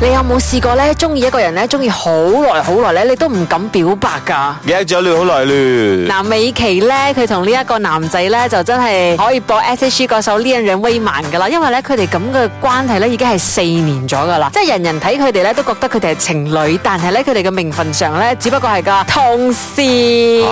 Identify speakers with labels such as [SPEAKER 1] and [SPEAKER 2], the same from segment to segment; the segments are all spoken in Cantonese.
[SPEAKER 1] 你有冇試過咧？中意一個人咧，中意好耐好耐咧，你都唔敢表白噶。而家仲好耐嘞。嗱、啊，美琪咧，佢同呢一個男仔咧，就真係可以播 S H G 歌手 Leon Wayne 噶啦。因為咧，佢哋咁嘅關係咧，已經係四年咗噶啦。即係人人睇佢哋咧，都覺得佢哋係情侶，但係咧，佢哋嘅名分上咧，只不過係個同事。即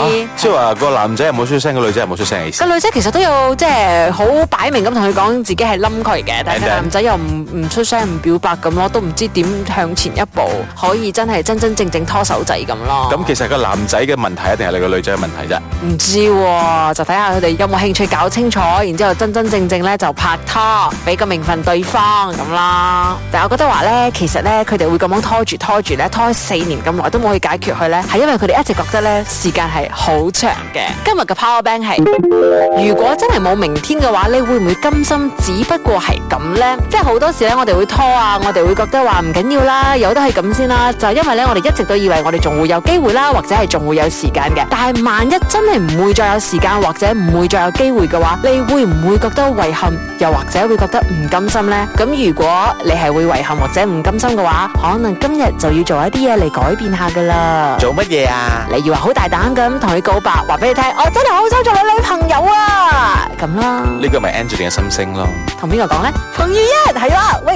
[SPEAKER 1] 係話個男仔又冇出聲，女生有有出聲那個女仔又冇出聲，個女仔其實都要即係好擺明咁同佢講自己係冧佢嘅，但係個男仔又唔唔出聲唔表白咁咯，都唔知。點向前一步，可以真係真真正正拖手仔咁咯？咁其實個男仔嘅問題一定係你個女仔嘅問題啫。唔知，就睇下佢哋有冇興趣搞清楚，然之後真真正正咧就拍拖，俾個名分對方咁啦。但係我覺得話咧，其實咧佢哋會咁樣拖住拖住咧，拖四年咁耐都冇去解決佢咧，係因為佢哋一直覺得咧時間係好長嘅。今日嘅 Power Bank 係，如果真係冇明天嘅話，你會唔會甘心？只不過係咁咧，即係好多時咧，我哋會拖啊，我哋會覺得話。唔緊要啦，有都係咁先啦。就係因為咧，我哋一直都以為我哋仲會有機會啦，或者係仲會有時間嘅。但係萬一真係唔會再有時間，或者唔會再有機會嘅話，你會唔會覺得遺憾，又或者會覺得唔甘心咧？咁如果你係會遺憾或者唔甘心嘅話，可能今日就要做一啲嘢嚟改變下噶啦。做乜嘢啊？你以為好大膽咁同佢告白，話俾你聽，我真係好想做你女朋友啊！咁啦，呢個咪 Angelina 嘅心聲咯。同邊個講咧？彭于晏係啦，喂。